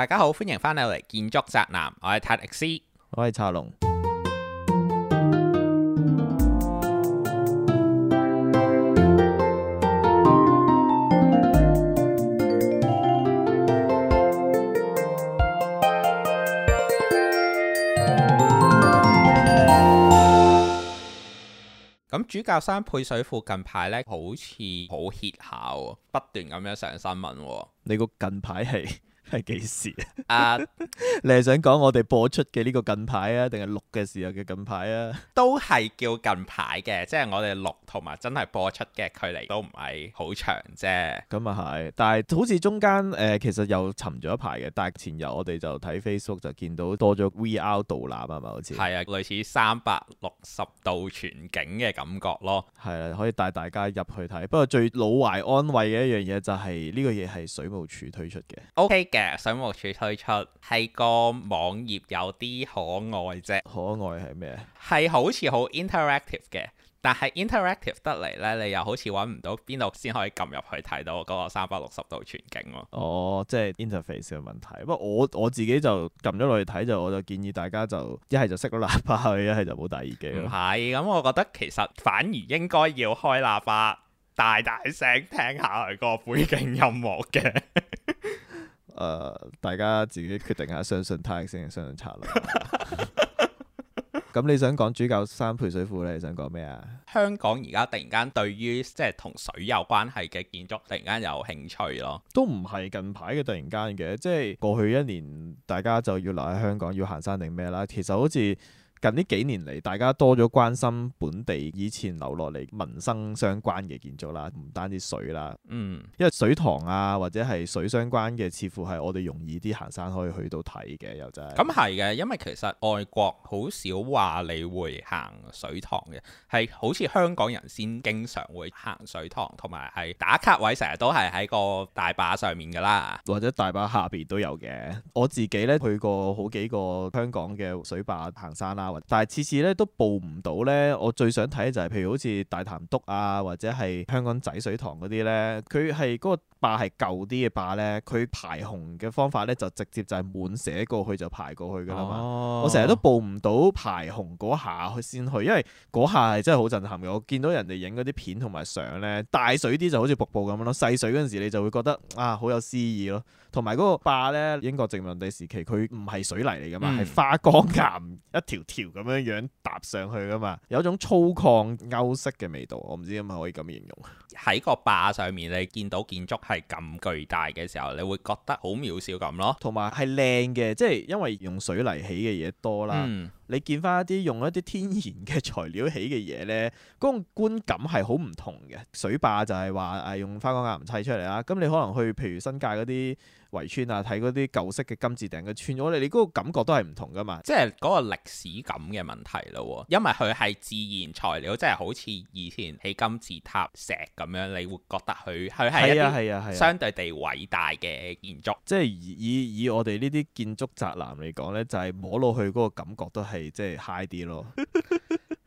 大家好，歡迎翻嚟《我哋建築宅男》，我係泰迪斯，我係茶龍。咁主教山配水庫近排呢，好似好歇下喎，不斷咁樣上新聞。你個近排係？係幾時、uh, 啊？你係想講我哋播出嘅呢個近排啊，定係錄嘅時候嘅近排啊？都係叫近排嘅，即係我哋錄同埋真係播出嘅距離都唔係好長啫。咁啊係，但係好似中間誒、呃，其實又沉咗一排嘅。但係前日我哋就睇 Facebook 就見到多咗 VR 導覽，係咪好似係啊，類似三百六十度全景嘅感覺咯。係啊，可以帶大家入去睇。不過最老懷安慰嘅一樣嘢就係、是、呢、這個嘢係水務署推出嘅。OK 嘅。水務署推出係個網頁有啲可愛啫，可愛係咩？係好似好 interactive 嘅，但係 interactive 得嚟呢，你又好似揾唔到邊度先可以撳入去睇到嗰個三百六十度全景咯。哦，即係 interface 嘅問題。不過我我自己就撳咗落去睇，就我就建議大家就一係就熄咗喇叭去，一係就冇戴耳機。唔係，咁我覺得其實反而應該要開喇叭大大聲聽下佢個背景音樂嘅。 誒、呃，大家自己決定下，相信泰先，相信策咯。咁 你想講主教山配水庫咧？你想講咩啊？香港而家突然間對於即係同水有關係嘅建築突然間有興趣咯。都唔係近排嘅突然間嘅，即係過去一年大家就要留喺香港要行山定咩啦。其實好似。近呢幾年嚟，大家多咗關心本地以前留落嚟民生相關嘅建築啦，唔單止水啦，嗯，因為水塘啊或者係水相關嘅，似乎係我哋容易啲行山可以去到睇嘅，又真係。咁係嘅，因為其實外國好少話你會行水塘嘅，係好似香港人先經常會行水塘，同埋係打卡位成日都係喺個大壩上面㗎啦，或者大壩下邊都有嘅。我自己咧去過好幾個香港嘅水壩行山啦，啊。但係次次咧都報唔到咧，我最想睇就係、是、譬如好似大潭篤啊，或者係香港仔水塘嗰啲咧，佢係嗰個壩係舊啲嘅壩咧，佢排洪嘅方法咧就直接就係滿瀉過去就排過去噶啦嘛。哦、我成日都報唔到排洪嗰下去先去，因為嗰下係真係好震撼嘅。我見到人哋影嗰啲片同埋相咧，大水啲就好似瀑布咁樣咯，細水嗰陣時你就會覺得啊好有詩意咯。同埋嗰個壩咧，英國殖民地時期佢唔係水泥嚟噶嘛，係、嗯、花崗岩一條條。咁樣樣搭上去噶嘛，有種粗獷歐式嘅味道，我唔知係咪可以咁形容。喺個壩上面，你見到建築係咁巨大嘅時候，你會覺得好渺小咁咯。同埋係靚嘅，即係因為用水泥起嘅嘢多啦。嗯、你見翻一啲用一啲天然嘅材料起嘅嘢咧，嗰種觀感係好唔同嘅。水壩就係話誒用花崗岩砌出嚟啦。咁你可能去譬如新界嗰啲，圍村啊，睇嗰啲舊式嘅金字頂嘅村，我哋你嗰個感覺都係唔同噶嘛，即係嗰個歷史感嘅問題咯。因為佢係自然材料，即係好似以前起金字塔石咁樣，你會覺得佢佢係一啲相對地偉大嘅建築。係啊係啊係啊、即係以以，以我哋呢啲建築宅男嚟講呢就係、是、摸落去嗰個感覺都係即係 high 啲咯。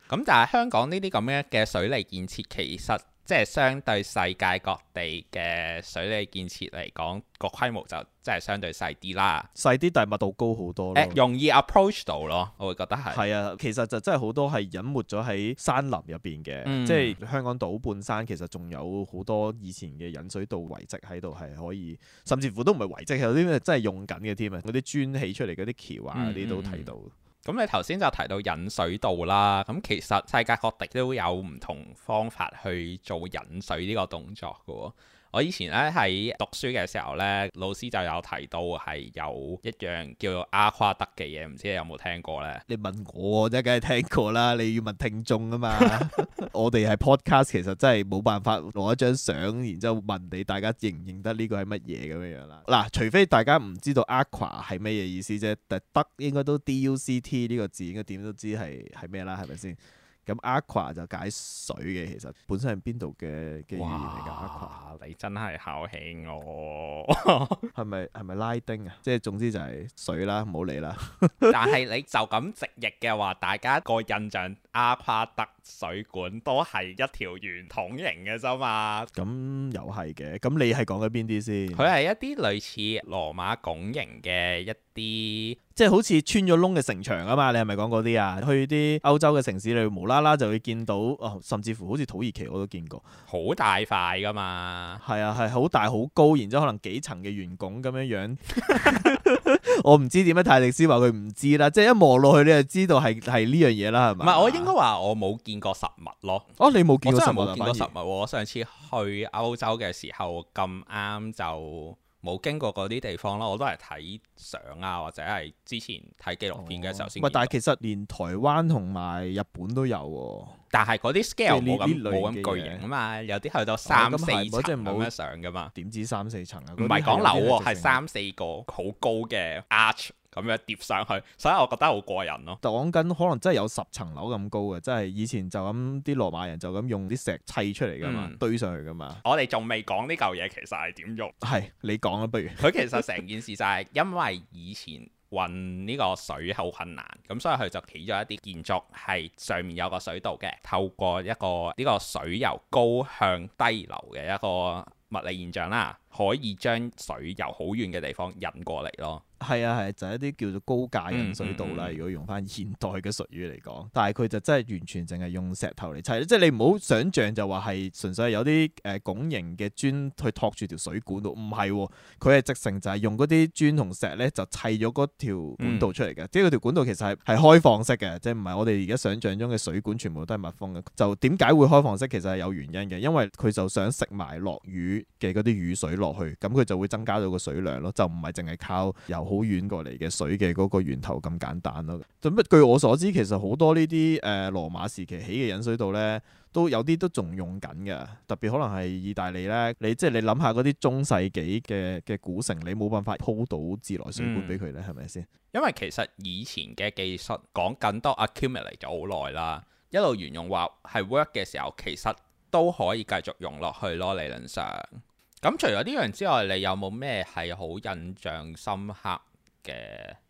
咁但係香港呢啲咁樣嘅水利建設其實～即係相對世界各地嘅水利建設嚟講，呢個規模就即係相對細啲啦。細啲，但係密度高好多咯。哎，容易 approach 到咯，我會覺得係。係啊，其實就真係好多係隱沒咗喺山林入邊嘅，嗯，即係香港島半山其實仲有好多以前嘅引水道遺跡喺度，係可以，甚至乎都唔係遺跡，有啲咩真係用緊嘅添啊！嗰啲磚起出嚟嗰啲橋啊，嗰啲都睇到。咁你頭先就提到引水道啦，咁其實世界各地都有唔同方法去做引水呢個動作嘅喎，哦。我以前咧喺讀書嘅時候咧，老師就有提到係有一樣叫做阿夸德嘅嘢，唔知你有冇聽過咧？你問我啫，梗係聽過啦。你要問聽眾啊嘛。 我哋係 podcast，其實真係冇辦法攞一張相，然之後問你大家認唔認得呢個係乜嘢咁樣樣啦。嗱、啊，除非大家唔知道阿夸係乜嘢意思啫，但係德應該都 D U C T 呢個字應該點都知係係咩啦，係咪先？ 咁 aqua 就解水嘅，其實本身係邊度嘅嘅語言嚟嘅？哇！你，aqua, 你真係考起我，係咪係咪拉丁啊？即係總之就係水啦，唔好理啦。 但係你就咁直譯嘅話，大家個印象 aqua 得。水管都係一條圓筒形嘅啫嘛，咁又係嘅。咁你係講緊邊啲先？佢係一啲類似羅馬拱形嘅一啲，即係好似穿咗窿嘅城牆啊嘛。你係咪講嗰啲啊？去啲歐洲嘅城市裏，無啦啦就會見到哦，甚至乎好似土耳其我都見過，好大塊噶嘛。係啊，係好大好高，然之後可能幾層嘅圓拱咁樣樣。 我唔知點解泰迪斯話佢唔知啦，即係一望落去你就知道係係呢樣嘢啦，係咪？唔係我應該話我冇見過實物咯。哦，你冇見過實物？我真係冇見過實物。 我上次去歐洲嘅時候咁啱就冇經過嗰啲地方咯，我都係睇相啊，或者係之前睇紀錄片嘅時候先、哦。但係其實連台灣同埋日本都有。但係嗰啲 scale 冇咁巨型啊嘛，有啲去到三四、哎、層冇得上㗎嘛，點知三四層啊？唔係講樓喎，係三四個好高嘅 arch 咁樣疊上去，所以我覺得好過癮咯、啊。講緊可能真係有十層樓咁高嘅，即係以前就咁啲羅馬人就咁用啲石砌出嚟㗎嘛，嗯、堆上去㗎嘛。我哋仲未講呢嚿嘢其實係點用，係你講啊，不如佢其實成件事就係因為以前。運呢個水好困難，咁所以佢就起咗一啲建築，係上面有個水道嘅，透過一個呢個水由高向低流嘅一個物理現象啦，可以將水由好遠嘅地方引過嚟咯。係啊，係啊，就係一啲叫做高架引水道啦。如果用翻現代嘅術語嚟講，但係佢就真係完全淨係用石頭嚟砌，即係你唔好想象就話係純粹係有啲誒拱形嘅磚去托住條水管度，唔係，佢係直成就係用嗰啲磚同石呢，就砌咗嗰條管道出嚟嘅。即係嗰條管道其實係係開放式嘅，即係唔係我哋而家想象中嘅水管全部都係密封嘅。就點解會開放式？其實係有原因嘅，因為佢就想食埋落雨嘅嗰啲雨水落去，咁佢就會增加到個水量咯。就唔係淨係靠由好遠過嚟嘅水嘅嗰個源頭咁簡單咯。就據我所知，其實好多呢啲誒羅馬時期起嘅引水道呢，都有啲都仲用緊嘅。特別可能係意大利呢，你即係你諗下嗰啲中世紀嘅嘅古城，你冇辦法鋪到自來水管俾佢呢，係咪先？是是因為其實以前嘅技術講緊多 accumulate 咗好耐啦，一路沿用話係 work 嘅時候，其實都可以繼續用落去咯，理論上。咁除咗呢樣之外，你有冇咩係好印象深刻嘅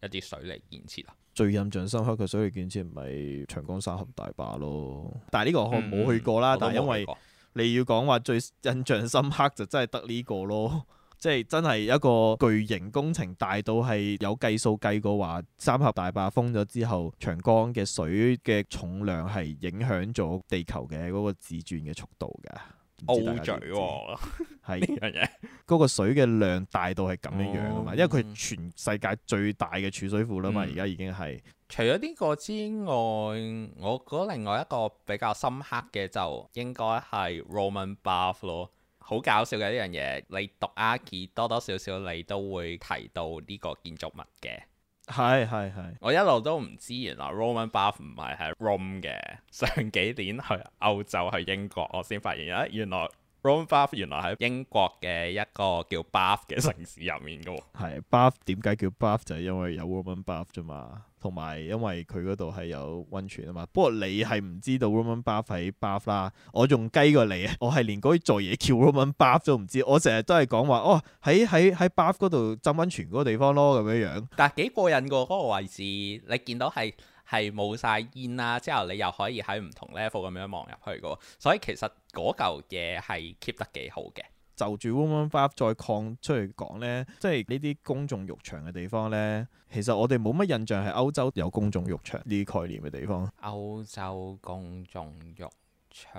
一啲水利建設啊？最印象深刻嘅水利建設唔係長江三峽大壩咯，但係呢個我冇去過啦。嗯、但係因為你要講話最印象深刻就真係得呢個咯，即 係真係一個巨型工程，大到係有計數計過話三峽大壩封咗之後，長江嘅水嘅重量係影響咗地球嘅嗰個自轉嘅速度㗎。O 嘴喎，係呢樣嘢，嗰個水嘅量大到係咁樣樣啊嘛，哦、因為佢全世界最大嘅儲水庫啦嘛，而家、嗯、已經係。除咗呢個之外，我覺得另外一個比較深刻嘅就應該係 Roman Bath 咯，好搞笑嘅呢樣嘢，你讀 Archi 多多少少你都會提到呢個建築物嘅。係係係，我一路都唔知，原來 Roman Bath 唔係喺 Rome 嘅。上幾年去歐洲，去英國，我先發現，啊，原來 Roman Bath 原來喺英國嘅一個叫 Bath 嘅城市入面㗎。係，Bath 點解叫 Bath 就係因為有 Roman Bath 啫嘛。同埋，因為佢嗰度係有溫泉啊嘛。不過你係唔知道 Roman bath 喺 bath 啦，我仲雞過你啊！我係連嗰座嘢叫 Roman bath 都唔知，我成日都係講話哦喺喺喺 bath 嗰度浸溫泉嗰個地方咯咁樣樣。但係幾過癮㗎嗰個位置，你見到係係冇晒煙啦，啊，之後你又可以喺唔同 level 咁樣望入去嘅，所以其實嗰嚿嘢係 keep 得幾好嘅。就住 women bath 再擴出嚟講咧，即係呢啲公眾浴場嘅地方咧，其實我哋冇乜印象係歐洲有公眾浴場呢啲概念嘅地方。歐洲公眾浴場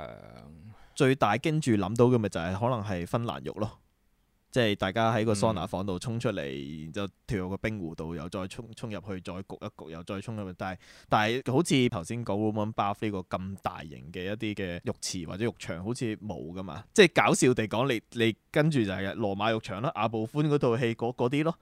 最大驚住諗到嘅咪就係可能係芬蘭浴咯。即係大家喺個桑拿房度沖出嚟，嗯、然之後跳入個冰湖度，又再沖沖入去，再焗一焗，又再沖入去。但係但係好似頭先講烏姆巴菲個咁大型嘅一啲嘅浴池或者浴場，好似冇噶嘛。即係搞笑地講，你你跟住就係羅馬浴場啦，阿布歡嗰套戲嗰啲咯。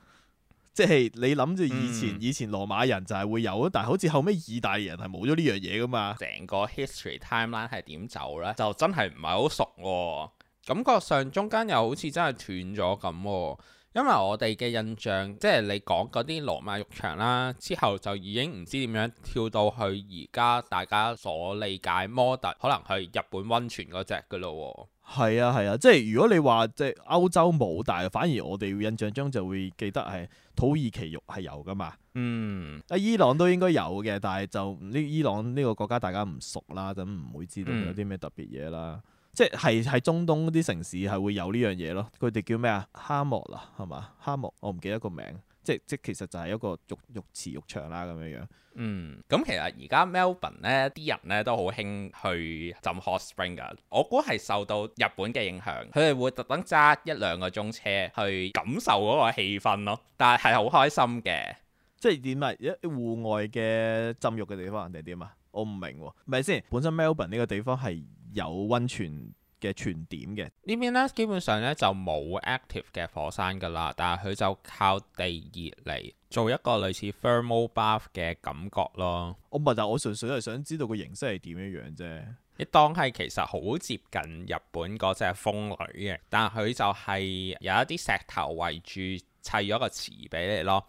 即係你諗住以前、嗯、以前羅馬人就係會有，但係好似後尾意大利人係冇咗呢樣嘢噶嘛。成個 history timeline 係點走呢？就真係唔係好熟。感覺上中間又好似真係斷咗咁喎，因為我哋嘅印象即係你講嗰啲羅馬浴場啦，之後就已經唔知點樣跳到去而家大家所理解模特可能去日本溫泉嗰隻嘅咯。係啊係啊，即係如果你話即係歐洲冇，大，反而我哋印象中就會記得係土耳其浴係有噶嘛。嗯，啊伊朗都應該有嘅，但係就呢伊朗呢個國家大家唔熟啦，咁唔會知道有啲咩特別嘢啦。即係喺中東啲城市係會有呢樣嘢咯，佢哋叫咩啊？哈莫啦、啊，係嘛？哈莫，我唔記得個名。即即其實就係一個浴浴池浴場啦咁樣樣。嗯，咁其實而家 Melbourne 咧啲人咧都好興去浸 hot spring 㗎，我估係受到日本嘅影響，佢哋會特登揸一兩個鐘車去感受嗰個氣氛咯。但係係好開心嘅，即係點啊？一戶外嘅浸浴嘅地方定係點啊？我唔明喎，咪先本身 Melbourne 呢個地方係。有溫泉嘅泉點嘅呢邊呢，基本上呢就冇 active 嘅火山㗎啦，但係佢就靠地熱嚟做一個類似 thermal bath 嘅感覺咯。我唔係，但我純粹係想知道個形式係點樣樣啫。你當係其實好接近日本嗰隻風呂嘅，但係佢就係有一啲石頭圍住砌咗個池俾你咯。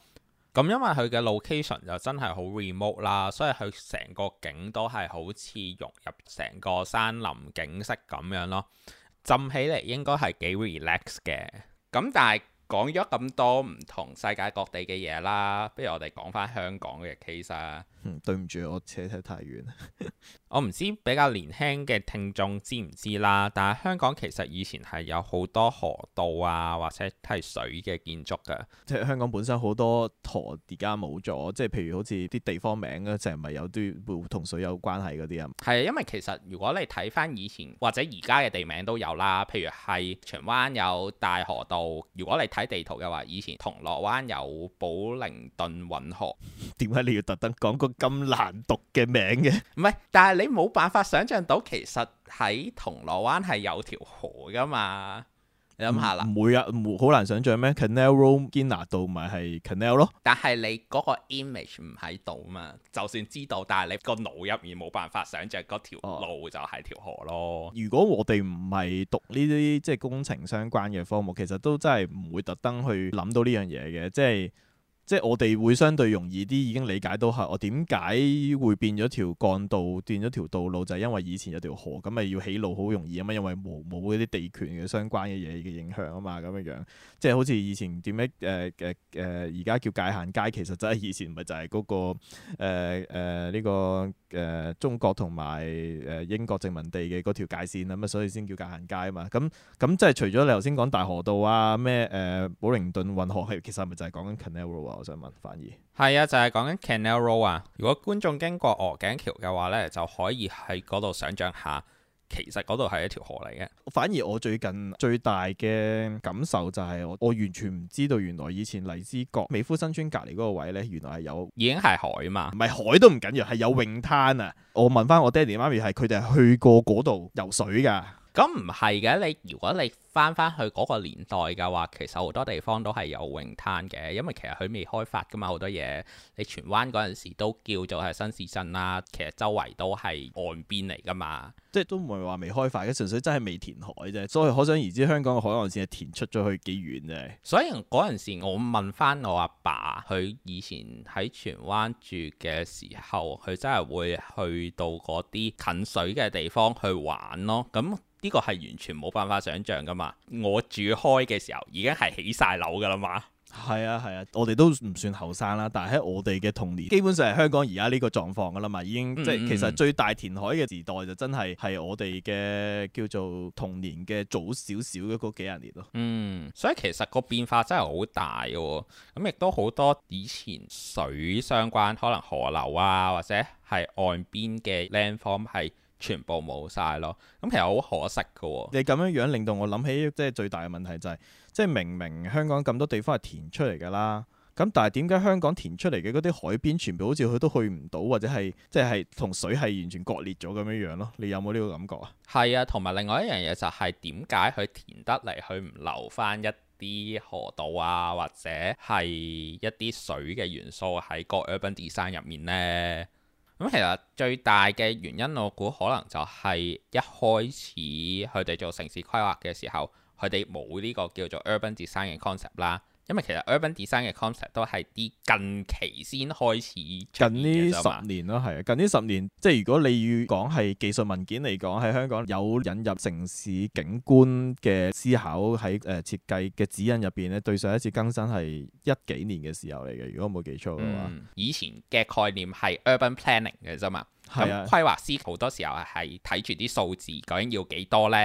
咁因為佢嘅 location 就真係好 remote 啦，所以佢成個景都係好似融入成個山林景色咁樣咯，浸起嚟應該係幾 relax 嘅。咁但係講咗咁多唔同世界各地嘅嘢啦，不如我哋講翻香港嘅 case 啊。嗯，對唔住，我扯得太遠。 我唔知比較年輕嘅聽眾知唔知啦，但係香港其實以前係有好多河道啊，或者係水嘅建築嘅。即係香港本身好多河而家冇咗。即係譬如好似啲地方名就係咪有啲同水有關係嗰啲啊。係啊，因為其實如果你睇翻以前或者而家嘅地名都有啦，譬如係荃灣有大河道，如果你睇地圖嘅話，以前銅鑼灣有寶靈頓運河，點解你要特登講個咁難讀嘅名嘅？唔係，但係你冇辦法想像到，其實喺銅鑼灣係有條河噶嘛。你諗下啦，唔會啊，好難想像咩？Canal Road、堅拿道同埋係 Canal 咯。但係你嗰個 image 唔喺度嘛，就算知道，但係你個腦入面冇辦法想像嗰條路就係條河咯。啊、如果我哋唔係讀呢啲即係工程相關嘅科目，其實都真係唔會特登去諗到呢樣嘢嘅，即係。即係我哋會相對容易啲，已經理解到係我點解會變咗條幹道，變咗條道路就係、是、因為以前有條河，咁咪要起路好容易啊嘛，因為冇冇嗰啲地權嘅相關嘅嘢嘅影響啊嘛，咁樣樣，即係好似以前點樣誒誒誒，而、呃、家、呃呃、叫界限街，其實真係以前唔係就係嗰個誒呢個。呃呃這個誒、呃、中國同埋誒英國殖民地嘅嗰條界線啊，咁所以先叫界限街啊嘛，咁咁即係除咗你頭先講大河道啊咩誒、呃，寶靈頓運河係其實係咪就係講緊 Canal Road 啊？我想問，反而係啊，就係、是、講緊 Canal Road 啊。如果觀眾經過鵝頸橋嘅話咧，就可以喺嗰度想像下。其實嗰度係一條河嚟嘅，反而我最近最大嘅感受就係我我完全唔知道原來以前荔枝角美孚新村隔離嗰個位呢，原來係有已經係海嘛，唔係海都唔緊要，係有泳灘啊！我問翻我爹哋媽咪，係佢哋係去過嗰度游水㗎。咁唔係嘅，你如果你翻翻去嗰個年代嘅話，其實好多地方都係有泳灘嘅，因為其實佢未開發噶嘛，好多嘢。你荃灣嗰陣時都叫做係新市鎮啦，其實周圍都係岸邊嚟噶嘛，即係都唔係話未開發嘅，純粹真係未填海啫。所以可想而知，香港嘅海岸線係填出咗去幾遠啫。所以嗰陣時，我問翻我阿爸，爸，佢以前喺荃灣住嘅時候，佢真係會去到嗰啲近水嘅地方去玩咯。咁、嗯呢個係完全冇辦法想象噶嘛！我住開嘅時候已經係起晒樓噶啦嘛。係啊係啊，我哋都唔算後生啦，但係喺我哋嘅童年，基本上係香港而家呢個狀況噶啦嘛，已經、嗯、即係其實最大填海嘅時代就真係係我哋嘅叫做童年嘅早少少嘅嗰幾廿年咯。嗯，所以其實個變化真係好大喎、啊。咁亦都好多以前水相關，可能河流啊，或者係岸邊嘅 landform 係。全部冇晒咯，咁其實好可惜嘅喎、哦。你咁樣樣令到我諗起，即係最大嘅問題就係、是，即係明明香港咁多地方係填出嚟嘅啦，咁但係點解香港填出嚟嘅嗰啲海邊全部好似佢都去唔到，或者係即係同水係完全割裂咗咁樣樣咯？你有冇呢個感覺啊？係啊，同埋另外一樣嘢就係點解佢填得嚟，佢唔留翻一啲河道啊，或者係一啲水嘅元素喺個 urban design 入面呢？咁其實最大嘅原因，我估可能就係一開始佢哋做城市規劃嘅時候，佢哋冇呢個叫做 urban design 嘅 concept 啦。因為其實 urban design 嘅 concept 都係啲近期先開始，近呢十年咯，係啊，近呢十年，即係如果你要講係技術文件嚟講，喺香港有引入城市景觀嘅思考喺誒設計嘅指引入邊咧，對上一次更新係一幾年嘅時候嚟嘅，如果冇記錯嘅話，嗯，以前嘅概念係 urban planning 嘅啫嘛。呃咁、啊、規劃師好多時候係睇住啲數字，究竟要幾多呢？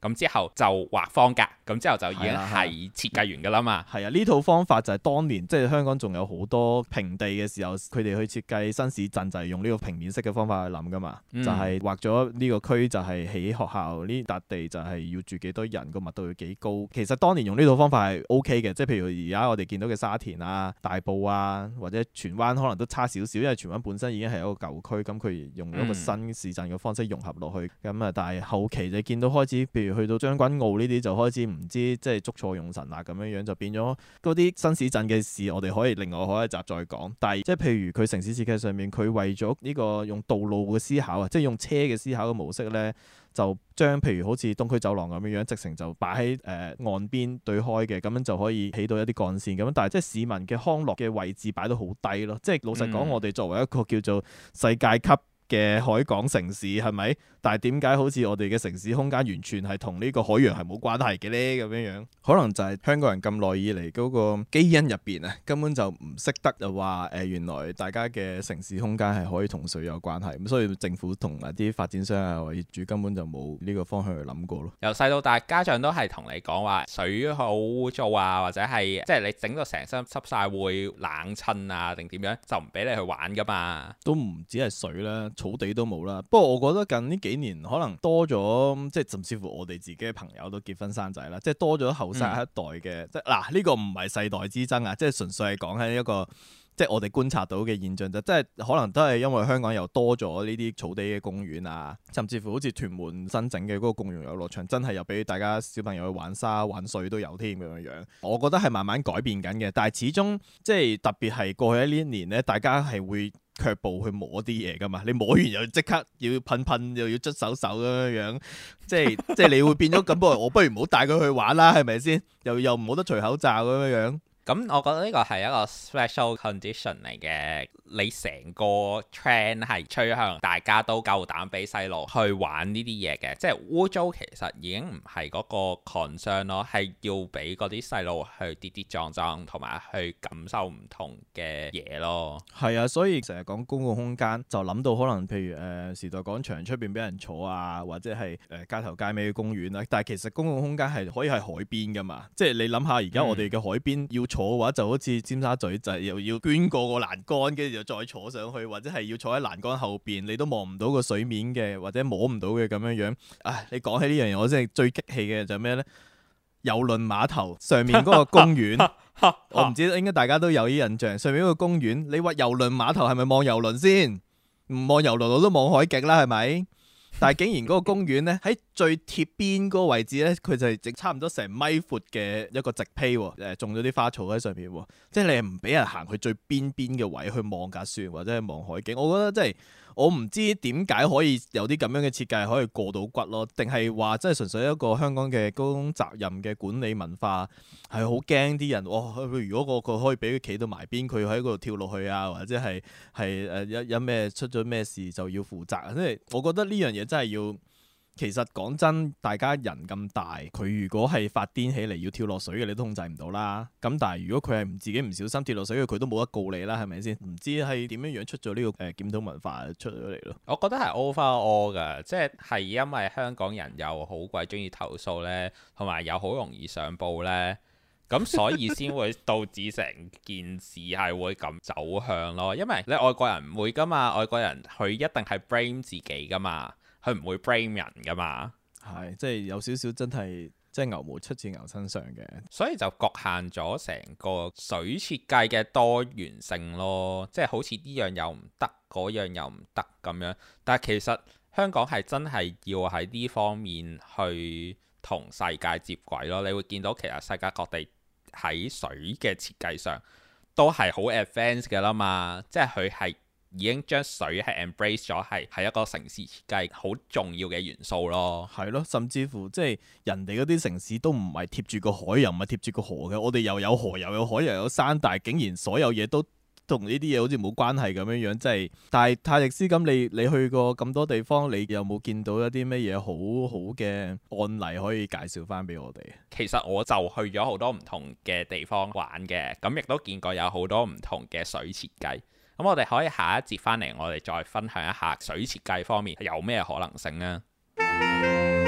咁之後就畫方格，咁之後就已經係設計完噶啦嘛。係啊，呢、啊、套方法就係當年即係、就是、香港仲有好多平地嘅時候，佢哋去設計新市鎮就係用呢個平面式嘅方法去諗噶嘛。嗯、就係畫咗呢個區，就係起學校呢笪地，就係要住幾多人，個密度要幾高。其實當年用呢套方法係 OK 嘅，即、就、係、是、譬如而家我哋見到嘅沙田啊、大埔啊，或者荃灣可能都差少少，因為荃灣本身已經係一個舊區，咁佢，用一個新市鎮嘅方式融合落去，咁啊、嗯，但係後期就見到開始，譬如去到將軍澳呢啲就開始唔知即係捉錯用神啊咁樣樣就變咗嗰啲新市鎮嘅事，我哋可以另外開一集再講。但係即係譬如佢城市設計上面，佢為咗呢個用道路嘅思考啊，即係用車嘅思考嘅模式呢，就將譬如好似東區走廊咁樣樣，直程就擺喺誒、呃、岸邊對開嘅，咁樣就可以起到一啲幹線咁樣。但係即係市民嘅康樂嘅位置擺到好低咯。即係老實講，嗯、我哋作為一個叫做世界級嘅海港城市係咪？但係點解好似我哋嘅城市空間完全係同呢個海洋係冇關係嘅咧？咁樣樣可能就係香港人咁耐以嚟嗰個基因入邊啊，根本就唔識得就話誒，原來大家嘅城市空間係可以同水有關係，咁，所以政府同埋啲發展商啊、或業主根本就冇呢個方向去諗過咯。由細到大，家長都係同你講話，水好污糟啊，或者係即係你整到成身濕晒會冷親啊，定點樣，就唔俾你去玩噶嘛？都唔止係水啦～草地都冇啦，不過我覺得近呢幾年可能多咗，即係甚至乎我哋自己嘅朋友都結婚生仔啦，即係多咗後生一代嘅，即係嗱呢個唔係世代之爭啊，即係純粹係講緊一個，即係我哋觀察到嘅現象就即係可能都係因為香港又多咗呢啲草地嘅公園啊，甚至乎好似屯門新整嘅嗰個共融遊樂場，真係又俾大家小朋友去玩沙玩水都有添咁樣樣。我覺得係慢慢改變緊嘅，但係始終即係特別係過去呢一年呢，大家係會，腳步去摸啲嘢㗎嘛，你摸完又即刻要噴噴又要捽手手咁樣， 即係即係你會變咗咁，不如我不如唔好帶佢去玩啦，係咪先？又又唔好得除口罩咁樣。咁我覺得呢個係一個 special condition 嚟嘅，你成個 trend 係趨向大家都夠膽俾細路去玩呢啲嘢嘅，即係污糟其實已經唔係嗰個 concern 咯，係要俾嗰啲細路去跌跌撞撞同埋去感受唔同嘅嘢咯。係啊，所以成日講公共空間就諗到可能譬如誒、呃、時代廣場出邊俾人坐啊，或者係誒、呃、街頭街尾嘅公園啦、啊，但係其實公共空間係可以喺海邊噶嘛，即、就、係、是、你諗下而家我哋嘅海邊要，坐嘅話就好似尖沙咀仔，就是，又要捐過個欄杆，跟住就再坐上去，或者係要坐喺欄杆後邊，你都望唔到個水面嘅，或者摸唔到嘅咁樣樣。唉，你講起呢樣嘢，我真係最激氣嘅就係咩呢？遊輪碼頭上面嗰個公園， 我唔知應該大家都有啲印象。上面嗰個公園，你話遊輪碼頭係咪望遊輪先？唔望遊輪，我都望海景啦，係咪？但係竟然嗰個公園咧，喺最貼邊嗰個位置咧，佢就係直差唔多成米闊嘅一個直梯，誒種咗啲花草喺上邊，即係你唔俾人行去最邊邊嘅位去望架樹或者係望海景，我覺得真係。我唔知點解可以有啲咁樣嘅設計可以過到骨咯，定係話真係純粹一個香港嘅公共責任嘅管理文化係好驚啲人、哦、如果個佢可以俾佢企到埋邊，佢喺嗰度跳落去啊，或者係係有有咩出咗咩事就要負責啊！即係我覺得呢樣嘢真係要。其實講真，大家人咁大，佢如果係發癲起嚟要跳落水嘅，你都控制唔到啦。咁但係如果佢係唔自己唔小心跌落水嘅，佢都冇得告你啦，係咪先？唔知係點樣樣出咗呢個誒檢討文化出咗嚟咯。我覺得係 overall 㗎，即係係因為香港人又好鬼中意投訴呢，同埋又好容易上報呢，咁所以先會導致成件事係會咁走向咯。因為你外國人唔會㗎嘛，外國人佢一定係 brain 自己㗎嘛。佢唔會 blame 人噶嘛，係，即係有少少真係，即係牛毛出自牛身上嘅，所以就局限咗成個水設計嘅多元性咯，即係好似呢樣又唔得，嗰樣又唔得咁樣，但係其實香港係真係要喺呢方面去同世界接軌咯。你會見到其實世界各地喺水嘅設計上都係好 advance 嘅啦嘛，即係佢係。已經將水係 embrace 咗，係係一個城市設計好重要嘅元素咯。係咯，甚至乎即係、就是、人哋嗰啲城市都唔係貼住個海，又唔係貼住個河嘅。我哋又有河，又有海，又有山，但係竟然所有嘢都同呢啲嘢好似冇關係咁樣樣。即、就、係、是，但係泰迪斯咁，你你去過咁多地方，你有冇見到一啲咩嘢好好嘅案例可以介紹翻俾我哋？其實我就去咗好多唔同嘅地方玩嘅，咁亦都見過有好多唔同嘅水設計。咁我哋可以下一節翻嚟，我哋再分享一下水設計方面有咩可能性呢、啊？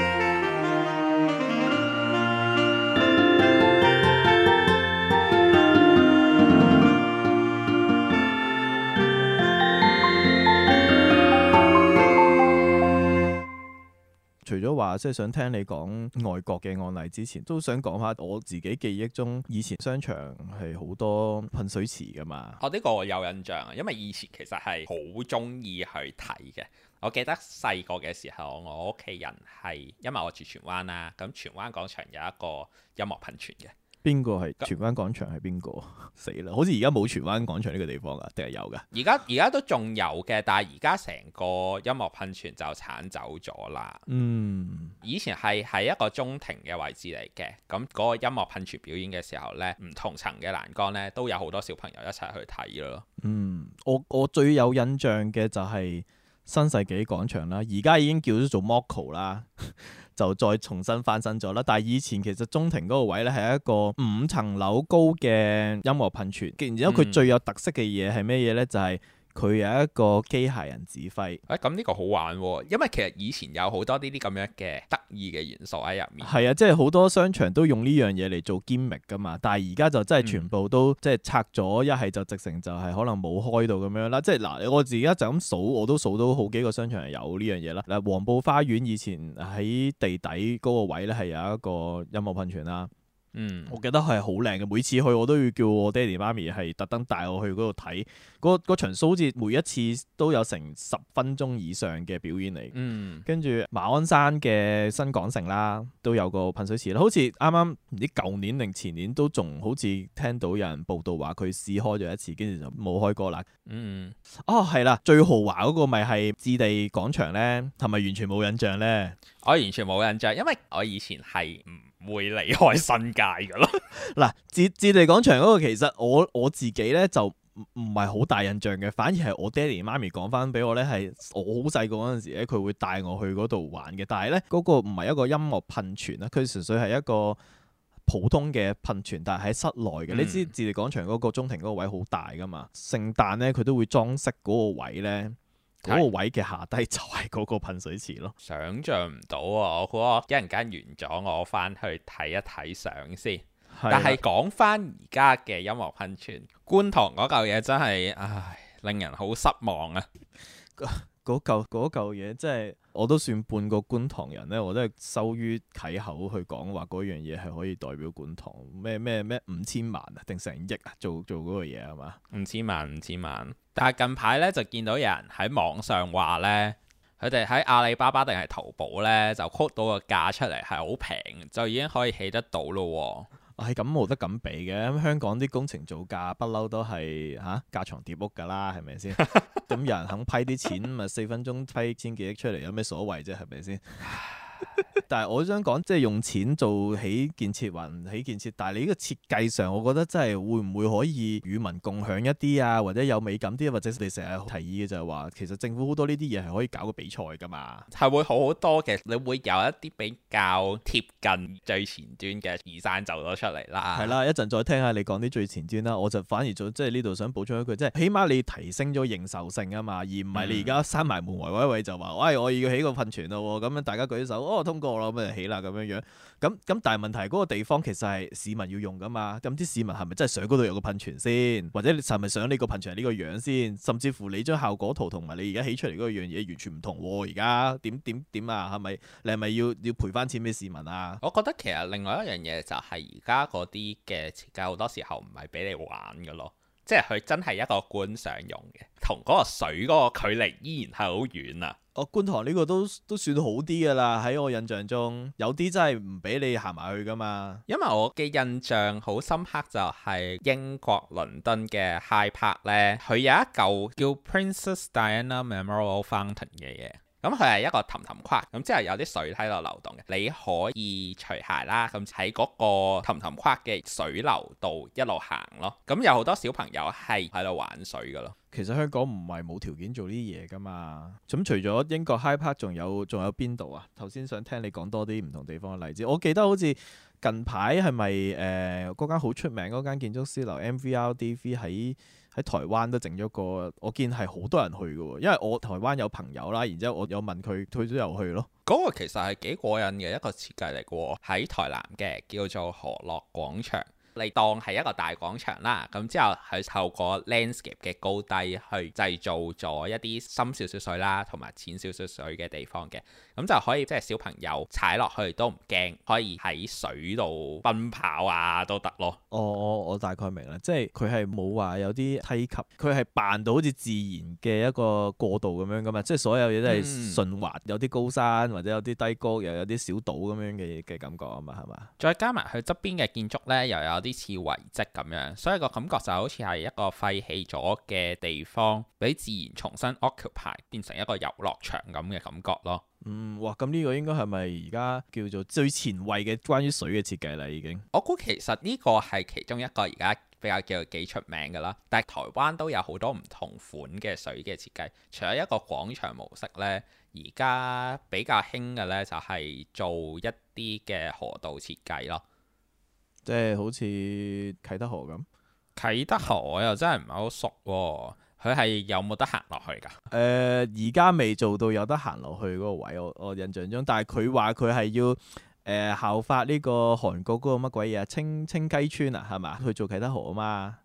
除咗話即係想聽你講外國嘅案例之前，都想講下我自己記憶中以前商場係好多噴水池㗎嘛。我呢、哦呢個有印象啊，因為以前其實係好鍾意去睇嘅。我記得細個嘅時候，我屋企人係因為我住荃灣啦，咁荃灣廣場有一個音樂噴泉嘅。邊個係荃灣廣場係邊個？死啦！好似而家冇荃灣廣場呢個地方㗎，定係有㗎？而家而家都仲有嘅，但係而家成個音樂噴泉就鏟走咗啦。嗯，以前係喺一個中庭嘅位置嚟嘅，咁嗰個音樂噴泉表演嘅時候呢，唔同層嘅欄杆呢都有好多小朋友一齊去睇咯。嗯，我我最有印象嘅就係新世紀廣場啦，而家已經叫做 Moco 啦。 就再重新翻新咗啦，但係以前其實中庭嗰個位呢，係一個五層樓高嘅音樂噴泉，然之後佢最有特色嘅嘢係咩嘢呢？就係、是。佢有一個機械人指揮，誒咁呢個好玩喎，哦，因為其實以前有好多呢啲咁樣嘅得意嘅元素喺入面。係啊，即係好多商場都用呢樣嘢嚟做 gimmick 嘅嘛，但係而家就真係全部都、嗯、即係拆咗，一係就直成就係可能冇開到咁樣啦。即係嗱，我自己就咁數，我都數到好幾個商場有呢樣嘢啦。嗱，黃埔花園以前喺地底嗰個位咧，係有一個音樂噴泉啦。嗯，我記得係好靚嘅，每次去我都要叫我爹哋媽咪係特登帶我去嗰度睇，嗰嗰場 show 每一次都有成十分鐘以上嘅表演嚟。嗯，跟住馬鞍山嘅新港城啦，都有個噴水池啦，好似啱啱唔知舊年定前年都仲好似聽到有人報道話佢試開咗一次，跟住就冇開過啦、嗯。嗯，哦係啦，最豪華嗰個咪係置地廣場呢？係咪完全冇印象呢？我完全冇印象，因為我以前係。會離開新界噶咯。嗱，置置地廣場嗰個其實我我自己咧就唔唔係好大印象嘅，反而係我爹哋媽咪講翻俾我咧，係我好細個嗰陣時咧佢會帶我去嗰度玩嘅，但係咧嗰個唔係一個音樂噴泉啦，佢純粹係一個普通嘅噴泉，但係喺室內嘅。嗯、你知置地廣場嗰個中庭嗰個位好大噶嘛？聖誕咧佢都會裝飾嗰個位咧。嗰個位嘅下低就係嗰個噴水池咯，想像唔到啊！我覺得我一陣間完咗，我翻去睇一睇相先。的但係講翻而家嘅音樂噴泉，觀塘嗰嚿嘢真係唉，令人好失望啊！嗰嚿嗰嚿嘢真係～我都算半個觀塘人呢，我都係羞於啓口去講話嗰樣嘢係可以代表觀塘咩咩咩五千萬啊定成億、啊、做做嗰個嘢係嘛？五千萬五千萬，但係近排呢，就見到有人喺網上話呢，佢哋喺阿里巴巴定係淘寶呢，就 quote 到個價出嚟係好平，就已經可以起得到咯喎。係咁冇得咁比嘅，咁香港啲工程造價不嬲都係吓架床疊屋㗎啦，係咪先？咁 有人肯批啲錢，咪四 分鐘批千幾億出嚟，有咩所謂啫？係咪先？ 但係我想講，即係用錢做起建設還唔起建設，但係你呢個設計上，我覺得真係會唔會可以與民共享一啲啊，或者有美感啲，或者你成日提議嘅就係話，其實政府好多呢啲嘢，係可以搞個比賽噶嘛，係會好好多嘅，其實你會有一啲比較貼近最前端嘅移山走咗出嚟啦。係啦，一陣再聽下你講啲最前端啦，我就反而就即係呢度想補充一句，即係起碼你提升咗認受性啊嘛，而唔係你而家閂埋門圍圍位就話，喂、哎，我要起個噴泉咯，咁樣大家舉手。我通過咯，咁就起啦咁樣樣。咁咁，但係問題嗰個地方其實係市民要用噶嘛。咁啲市民係咪真係上嗰度有個噴泉先？或者你係咪想呢個噴泉係呢個樣先？甚至乎你張效果圖同埋你而家起出嚟嗰樣嘢完全唔同喎。而家點點點啊？係咪？啊，你係咪要要賠翻錢俾市民啊？我覺得其實另外一樣嘢就係而家嗰啲嘅設計好多時候唔係俾你玩噶咯。即係佢真係一個觀賞用嘅，同嗰個水嗰個距離依然係好遠啊！哦、啊，觀塘呢、呢個都都算好啲㗎啦，喺我印象中，有啲真係唔俾你行埋去㗎嘛。因為我嘅印象好深刻，就係英國倫敦嘅 Hyde Park 呢，佢有一嚿叫 Princess Diana Memorial Fountain 嘅嘢。咁佢係一個氹氹誇，咁之後有啲水喺度流動嘅，你可以除鞋啦，咁喺嗰個氹氹誇嘅水流度一路行咯。咁有好多小朋友係喺度玩水㗎咯。其實香港唔係冇條件做呢啲嘢㗎嘛。咁除咗英國 High Park，仲有仲有邊度啊？頭先想聽你講多啲唔同地方嘅例子。我記得好似近排係咪誒嗰間好出名嗰間建築師樓 MVRDV 喺？MV 喺台灣都整咗個，我見係好多人去嘅喎，因為我台灣有朋友啦，然之後我有問佢，退咗又去咯。嗰個其實係幾過癮嘅一個設計嚟嘅喎，喺台南嘅叫做河樂廣場。你當係一個大廣場啦，咁之後佢透過 landscape 嘅高低去製造咗一啲深少少水啦，同埋淺少少水嘅地方嘅，咁就可以即係小朋友踩落去都唔驚，可以喺水度奔跑啊都得咯。哦我，我大概明啦，即係佢係冇話有啲梯級，佢係扮到好似自然嘅一個過渡咁樣噶嘛，即係所有嘢都係順滑，嗯、有啲高山或者有啲低高，又有啲小島咁樣嘅嘅感覺啊嘛，係嘛？再加埋佢側邊嘅建築呢，又有啲，似遺跡咁樣，所以個感覺就好似係一個廢棄咗嘅地方，俾自然重新 occupy，變成一個遊樂場咁嘅感覺咯。嗯，哇！咁呢個應該係咪而家叫做最前衞嘅關於水嘅設計啦？已經，我估其實呢個係其中一個而家比較叫幾出名噶啦。但係台灣都有好多唔同款嘅水嘅設計，除咗一個廣場模式呢，而家比較興嘅呢就係做一啲嘅河道設計咯。即係好似啟德河咁，啟德河我又真係唔係好熟，佢係有冇得行落去噶？誒，而家未做到有得行落去嗰個位，我我印象中。但係佢話佢係要誒、呃、效法呢個韓國嗰個乜鬼嘢啊，清清溪川啊，係嘛？去做啟德河啊嘛？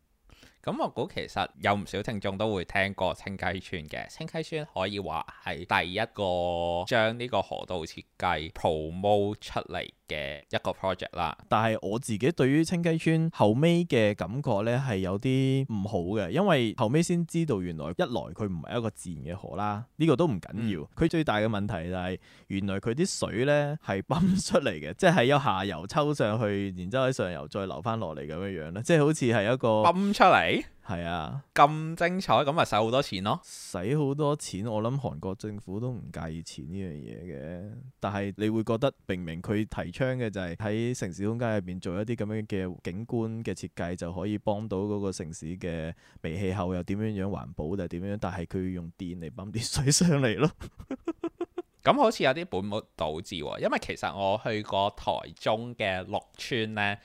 咁我估其實有唔少聽眾都會聽過清溪川嘅，清溪川可以話係第一個將呢個河道設計 promote 出嚟嘅一個 project 啦。但係我自己對於清溪川後尾嘅感覺呢係有啲唔好嘅，因為後尾先知道原來一來佢唔係一個自然嘅河啦，呢、這個都唔緊要。佢、嗯、最大嘅問題就係原來佢啲水呢係泵出嚟嘅，即係有下游抽上去，然之後喺上游再流翻落嚟咁樣樣咧，即係好似係一個泵出嚟。係啊，咁精彩，咁咪使好多錢咯。使好多錢，我諗韓國政府都唔介意錢呢樣嘢嘅。但係你會覺得，明明佢提倡嘅就係喺城市空間入邊做一啲咁樣嘅景觀嘅設計，就可以幫到嗰個城市嘅微氣候又點樣樣環保定係點樣，但係佢要用電嚟泵啲水上嚟咯。咁 好似有啲本末倒置，哦。因為其實我去過台中嘅綠川呢。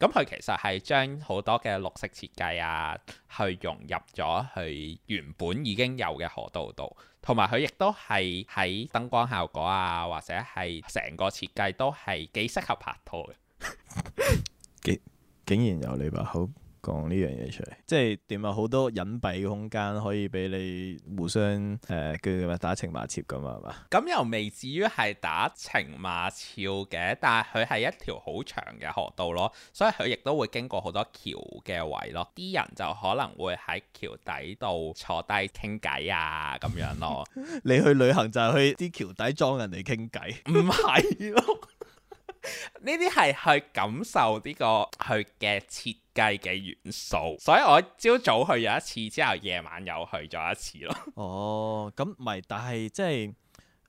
咁佢、嗯、其實係將好多嘅綠色設計啊，去融入咗佢原本已經有嘅河道度，同埋佢亦都係喺燈光效果啊，或者係成個設計都係幾適合拍拖嘅 竟然有你話好？講呢樣嘢出嚟，即係點啊？好多隱蔽嘅空間可以俾你互相誒、呃、叫點打情罵俏咁啊嘛？咁又未至於係打情罵俏嘅，但係佢係一條好長嘅河道咯，所以佢亦都會經過好多橋嘅位咯。啲人就可能會喺橋底度坐低傾偈啊咁樣咯。你去旅行就係去啲橋底裝人哋傾偈？唔係咯。呢啲係去感受呢個佢嘅設計嘅元素，所以我朝早去咗一次之後，夜晚又去咗一次咯。哦，咁唔係，但係即係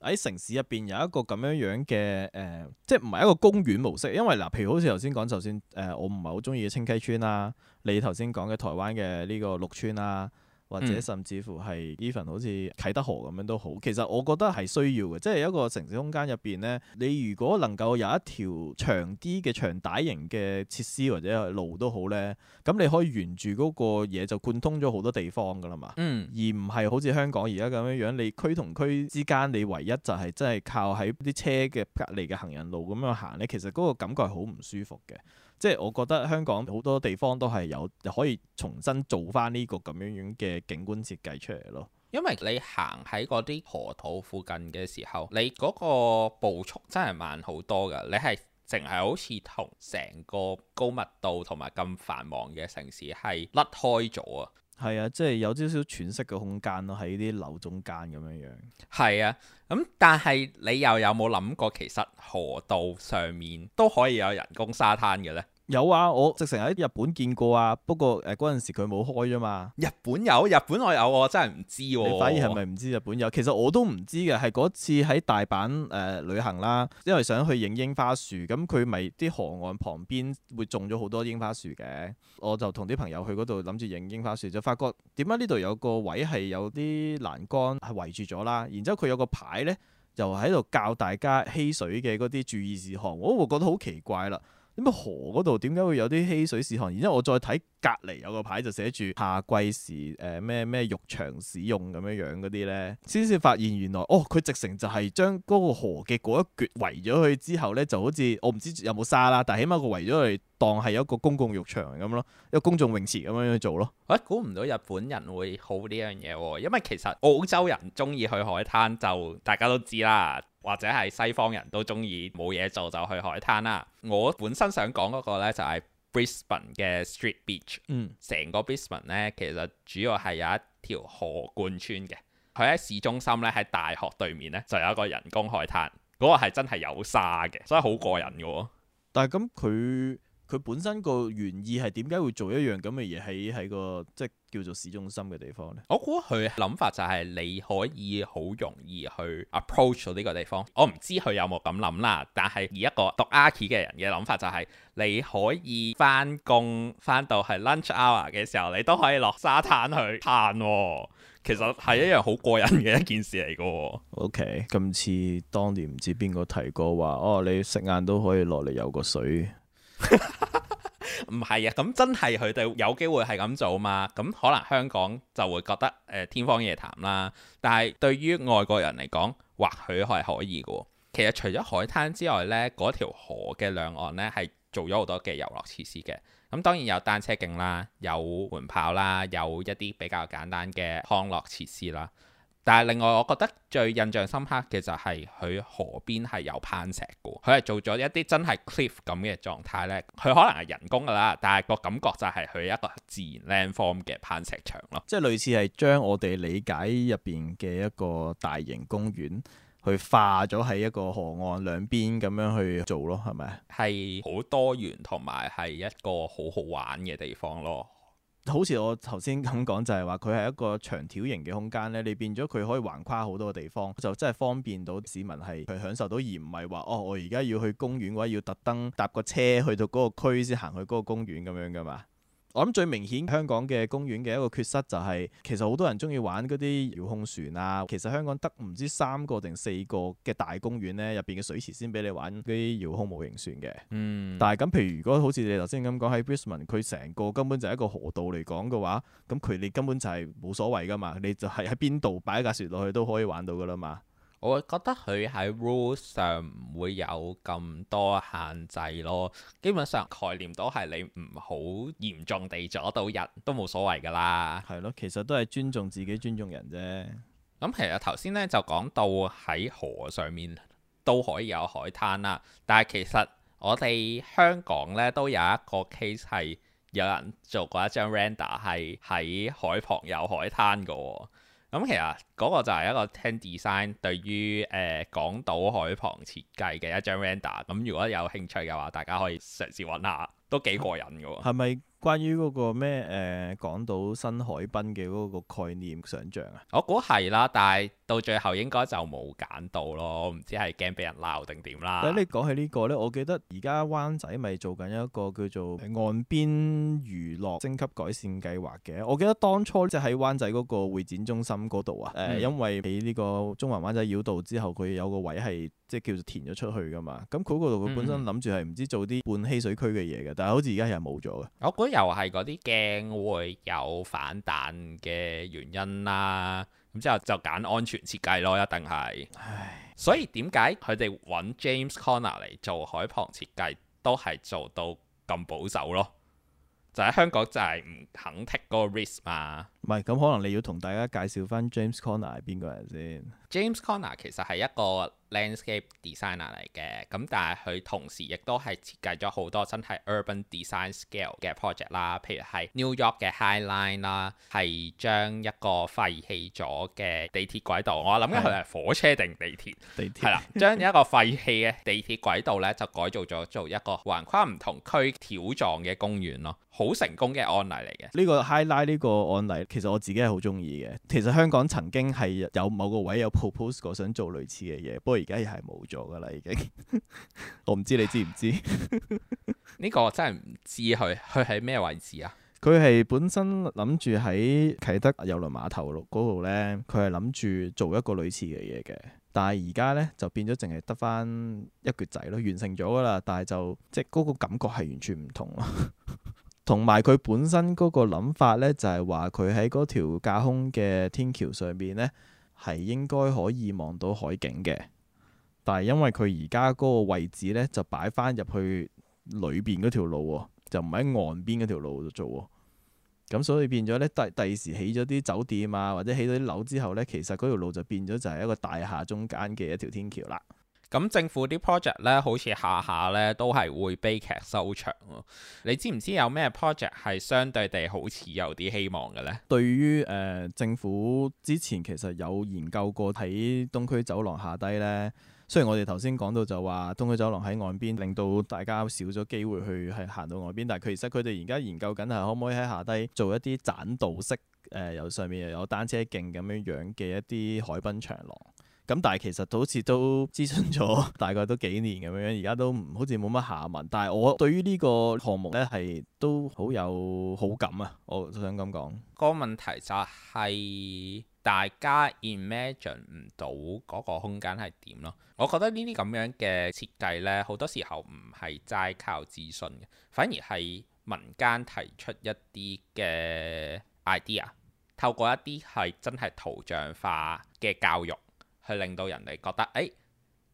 喺城市入邊有一個咁樣樣嘅，誒、呃，即係唔係一個公園模式，因為嗱、呃，譬如好似頭先講，就算誒，我唔係好中意清溪川啦、啊，你頭先講嘅台灣嘅呢個綠川啦。或者甚至乎係 even 好似啟德河咁樣都好，其實我覺得係需要嘅，即係一個城市空間入邊呢，你如果能夠有一條長啲嘅長帶型嘅設施或者路都好呢，咁你可以沿住嗰個嘢就貫通咗好多地方噶啦嘛。嗯。而唔係好似香港而家咁樣樣，你區同區之間你唯一就係真係靠喺啲車嘅隔離嘅行人路咁樣行咧，其實嗰個感覺係好唔舒服嘅。即係我覺得香港好多地方都係有可以重新做返呢個咁樣樣嘅景觀設計出嚟咯。因為你行喺嗰啲河道附近嘅時候，你嗰個步速真係慢好多㗎。你係淨係好似同成個高密度同埋咁繁忙嘅城市係甩開咗啊。係啊，即係有少少喘息嘅空間咯，喺啲樓中間咁樣樣。係啊，咁但係你又有冇諗過，其實河道上面都可以有人工沙灘嘅呢？有啊，我直情喺日本見過啊，不過誒嗰陣時佢冇開啫嘛。日本有，日本我有，我真係唔知喎、啊。你反而係咪唔知日本有？其實我都唔知嘅，係嗰次喺大阪誒、呃、旅行啦，因為想去影櫻花樹，咁佢咪啲河岸旁邊會種咗好多櫻花樹嘅，我就同啲朋友去嗰度諗住影櫻花樹，就發覺點解呢度有個位係有啲欄杆係圍住咗啦，然之後佢有個牌呢，就喺度教大家嬉水嘅嗰啲注意事項，我會覺得好奇怪啦。咁河嗰度點解會有啲嬉水事項？然之後我再睇隔離有個牌就寫住夏季時誒咩咩浴場使用咁樣樣嗰啲咧，先至發現原來哦佢直程就係將嗰個河嘅嗰一橛圍咗去之後咧，就好似我唔知有冇沙啦，但係起碼佢圍咗去當係一個公共浴場咁咯，一個公眾泳池咁樣去做咯。嚇、啊，估唔到日本人會好呢樣嘢喎，因為其實澳洲人中意去海灘就大家都知啦。或者係西方人都中意冇嘢做就去海灘啦。我本身想講嗰個咧，就係 Brisbane 嘅 Street Beach。嗯，成個 Brisbane 呢，其實主要係有一條河貫穿嘅。佢喺市中心呢，喺大學對面呢，就有一個人工海灘。嗰個係真係有沙嘅，所以好過癮嘅喎。但係咁佢佢本身個原意係點解會做一樣咁嘅嘢喺喺個即叫做市中心嘅地方呢，我估佢諗法就係你可以好容易去 approach 到呢個地方。我唔知佢有冇咁諗啦，但係而一個讀 archi 嘅人嘅諗法就係你可以翻工翻到係 lunch hour 嘅時候，你都可以落沙灘去探喎。其實係一樣好過癮嘅一件事嚟嘅喎。OK，今次當年唔知邊個提過話，哦，你食晏都可以落嚟游個水。 唔係 啊，咁真係佢哋有機會係咁做嘛？咁可能香港就會覺得誒、呃、天方夜譚啦。但係對於外國人嚟講，或許係可以嘅、喔。其實除咗海灘之外呢，嗰條河嘅兩岸呢係做咗好多嘅遊樂設施嘅。咁當然有單車徑啦，有緩跑啦，有一啲比較簡單嘅康樂設施啦。但係另外，我覺得最印象深刻嘅就係佢河邊係有攀石嘅，佢係做咗一啲真係 cliff 咁嘅狀態咧。佢可能係人工㗎啦，但係個感覺就係佢一個自然 landform 嘅攀石場咯，即係類似係將我哋理解入邊嘅一個大型公園，去化咗喺一個河岸兩邊咁樣去做咯，係咪？係好多元同埋係一個好好玩嘅地方咯。好似我頭先咁講，就係話佢係一個長條形嘅空間咧，你變咗佢可以橫跨好多個地方，就真係方便到市民係佢享受到，而唔係話哦，我而家要去公園嘅話，或者要特登搭個車去到嗰個區先行去嗰個公園咁樣噶嘛。我諗最明顯香港嘅公園嘅一個缺失就係，其實好多人中意玩嗰啲遙控船啊，其實香港得唔知三個定四個嘅大公園咧，入邊嘅水池先俾你玩嗰啲遙控模型船嘅。嗯。但係咁，譬如如果好似你頭先咁講喺 Brisbane，佢成個根本就係一個河道嚟講嘅話，咁佢你根本就係冇所謂噶嘛，你就係喺邊度擺一架船落去都可以玩到噶啦嘛。我會覺得佢喺 rules 上唔會有咁多限制咯，基本上概念都係你唔好嚴重地阻到人，都冇所謂㗎啦。係咯，其實都係尊重自己、尊重人啫。咁、嗯、其實頭先咧就講到喺河上面都可以有海灘啦，但係其實我哋香港咧都有一個 case 係有人做過一張 render 係喺海旁有海灘㗎。咁、嗯、其實嗰個就係一個聽 design 對於誒、呃、港島海旁設計嘅一張 render，咁、嗯、如果有興趣嘅話，大家可以嘗試揾下，都幾過癮嘅喎。係咪？關於嗰個咩誒、呃、講到新海濱嘅嗰個概念想像啊，我估係啦，但係到最後應該就冇揀到咯，唔知係驚俾人鬧定點啦。誒，你講起呢個呢，我記得而家灣仔咪做緊一個叫做岸邊娛樂升級改善計劃嘅。我記得當初即係喺灣仔嗰個會展中心嗰度啊，因為喺呢個中環灣仔繞道之後，佢有個位係即係叫做填咗出去㗎嘛。咁嗰度佢本身諗住係唔知做啲半嬉水區嘅嘢嘅，嗯、但係好似而家又冇咗嘅。又係嗰啲驚會有反彈嘅原因啦，咁之後就揀安全設計咯，一定係。唉所以點解佢哋揾 James Conner 嚟做海旁設計，都係做到咁保守咯？就喺、是、香港就係唔肯 take 個 risk 嘛。唔係，咁可能你要同大家介紹翻 James Conner 係邊個人先？James Conner 其實係一個 landscape designer 嚟嘅，咁但係佢同時亦都係設計咗好多真係 urban design scale 嘅 project 啦，譬如係 New York 嘅 High Line 啦，係將一個廢棄咗嘅地鐵軌道，我諗緊佢係火車定地鐵？ 地鐵係啦，將一個廢棄嘅地鐵軌道呢，就改造咗做一個橫跨唔同區條狀嘅公園咯，好成功嘅案例嚟嘅。呢個 High Line 呢個案例。其實我自己係好中意嘅。其實香港曾經係有某個位有 propose 過想做類似嘅嘢，不過而家又係冇咗噶啦，已經。 我唔知你知唔知？呢個真係唔知佢，佢喺咩位置啊？佢係本身諗住喺啟德郵輪碼頭嗰度呢，佢係諗住做一個類似嘅嘢嘅。但係而家呢，就變咗淨係得返一橛仔咯，完成咗噶啦。但係就即係嗰、嗰個感覺係完全唔同咯。 同埋佢本身嗰個諗法呢，就係話佢喺嗰條架空嘅天橋上面呢，係應該可以望到海景嘅。但係因為佢而家嗰個位置呢，就擺翻入去裏邊嗰條路喎，就唔喺岸邊嗰條路度做喎。咁所以變咗呢，第第二時起咗啲酒店啊，或者起咗啲樓之後呢，其實嗰條路就變咗就係一個大廈中間嘅一條天橋啦。咁政府啲 project 咧，好似下下咧都係會悲劇收場咯。你知唔知有咩 project 係相對地好似有啲希望嘅咧？對於誒、呃、政府之前其實有研究過喺東區走廊下低呢。雖然我哋頭先講到就話東區走廊喺岸邊，令到大家少咗機會去係行到岸邊，但係其實佢哋而家研究緊係可唔可以喺下低做一啲棧道式誒，由、呃、上面又有單車徑咁樣樣嘅一啲海濱長廊。咁但係其實好都好似都諮詢咗大概都幾年咁樣，而家都唔好似冇乜下文。但係我對於呢個項目咧係都好有好感啊，我想咁講個問題就係大家 imagine 唔到嗰個空間係點咯。我覺得這這呢啲咁樣嘅設計咧，好多時候唔係齋靠諮詢嘅，反而係民間提出一啲嘅 idea，透過一啲係真係圖像化嘅教育。去令到人哋覺得，誒、哎、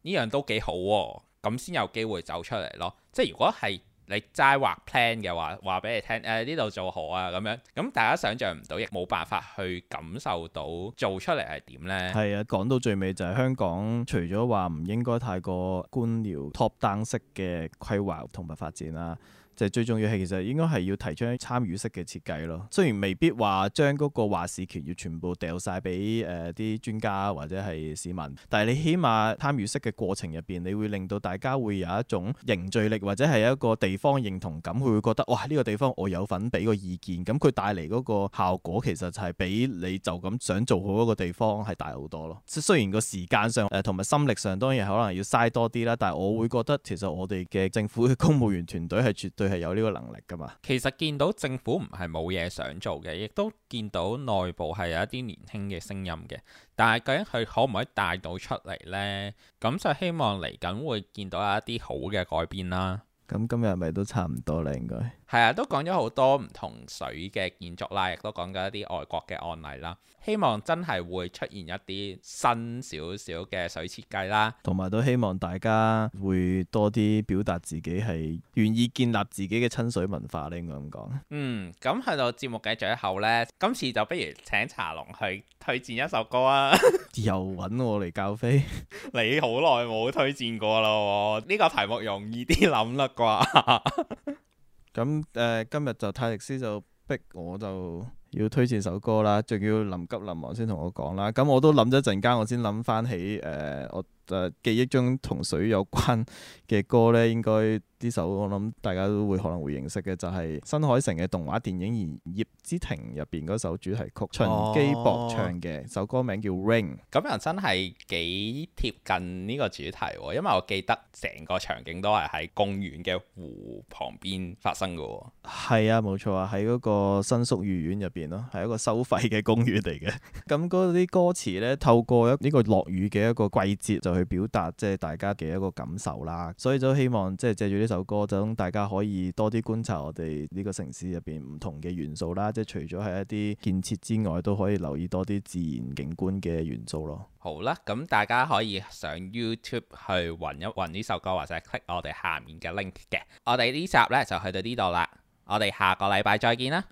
呢樣都幾好喎，咁先有機會走出嚟咯。即係如果係你齋畫 plan 嘅話，話俾你聽，誒呢度做河啊咁樣，咁大家想象唔到，亦冇辦法去感受到做出嚟係點呢？係啊，講到最尾就係香港，除咗話唔應該太過官僚、top down 式嘅規劃同埋發展啦。就最重要係其實應該係要提倡參與式嘅設計咯。雖然未必話將嗰個話事權要全部掉晒俾誒啲專家或者係市民，但係你起碼參與式嘅過程入邊，你會令到大家會有一種凝聚力或者係一個地方認同感，佢會覺得哇，呢個地方我有份俾個意見，咁佢帶嚟嗰個效果其實就係比你就咁想做好一個地方係大好多咯。雖然個時間上誒同埋心力上當然可能要嘥多啲啦，但係我會覺得其實我哋嘅政府嘅公務員團隊係絕對。係有呢個能力噶嘛？其實見到政府唔係冇嘢想做嘅，亦都見到內部係有一啲年輕嘅聲音嘅。但係究竟佢可唔可以帶到出嚟呢？咁就希望嚟緊會見到有一啲好嘅改變啦。咁、嗯、今日咪都差唔多啦，應該。係啊，都講咗好多唔同水嘅建築啦，亦都講咗一啲外國嘅案例啦。希望真係會出現一啲新少少嘅水設計啦，同埋都希望大家會多啲表達自己係願意建立自己嘅親水文化呢，應該咁講。嗯，咁去到節目嘅最後呢，今次就不如請茶龍去推薦一首歌啊。 又揾我嚟教飛， 你好耐冇推薦過啦。呢個題目容易啲諗啦啩。 咁誒、呃、今日就泰迪斯就逼我就要推薦首歌啦，仲要臨急臨忙先同我講啦，咁我都諗咗一陣間、呃，我先諗翻起誒我。誒記憶中同水有關嘅歌呢，應該呢首我諗大家都會可能會認識嘅，就係新海誠嘅動畫電影《葉之庭》入邊嗰首主題曲，秦基博唱嘅，首歌名叫《Rain》。咁又、哦、真係幾貼近呢個主題，因為我記得成個場景都係喺公園嘅湖旁邊發生嘅。係啊，冇錯啊，喺嗰個新宿御苑入邊咯，係一個收費嘅公園嚟嘅。咁嗰啲歌詞呢，透過一呢個落雨嘅一個季節就～去表達即係大家嘅一個感受啦，所以都希望即係借住呢首歌，等大家可以多啲觀察我哋呢個城市入邊唔同嘅元素啦，即係除咗係一啲建設之外，都可以留意多啲自然景觀嘅元素咯。好啦，咁大家可以上 YouTube 去揾一揾呢首歌，或者 click 我哋下面嘅 link 嘅。我哋呢集呢就去到呢度啦，我哋下個禮拜再見啦。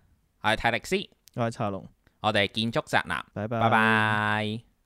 我係泰力斯，我係查龍，我哋建築宅男，拜拜 bye。Bye bye。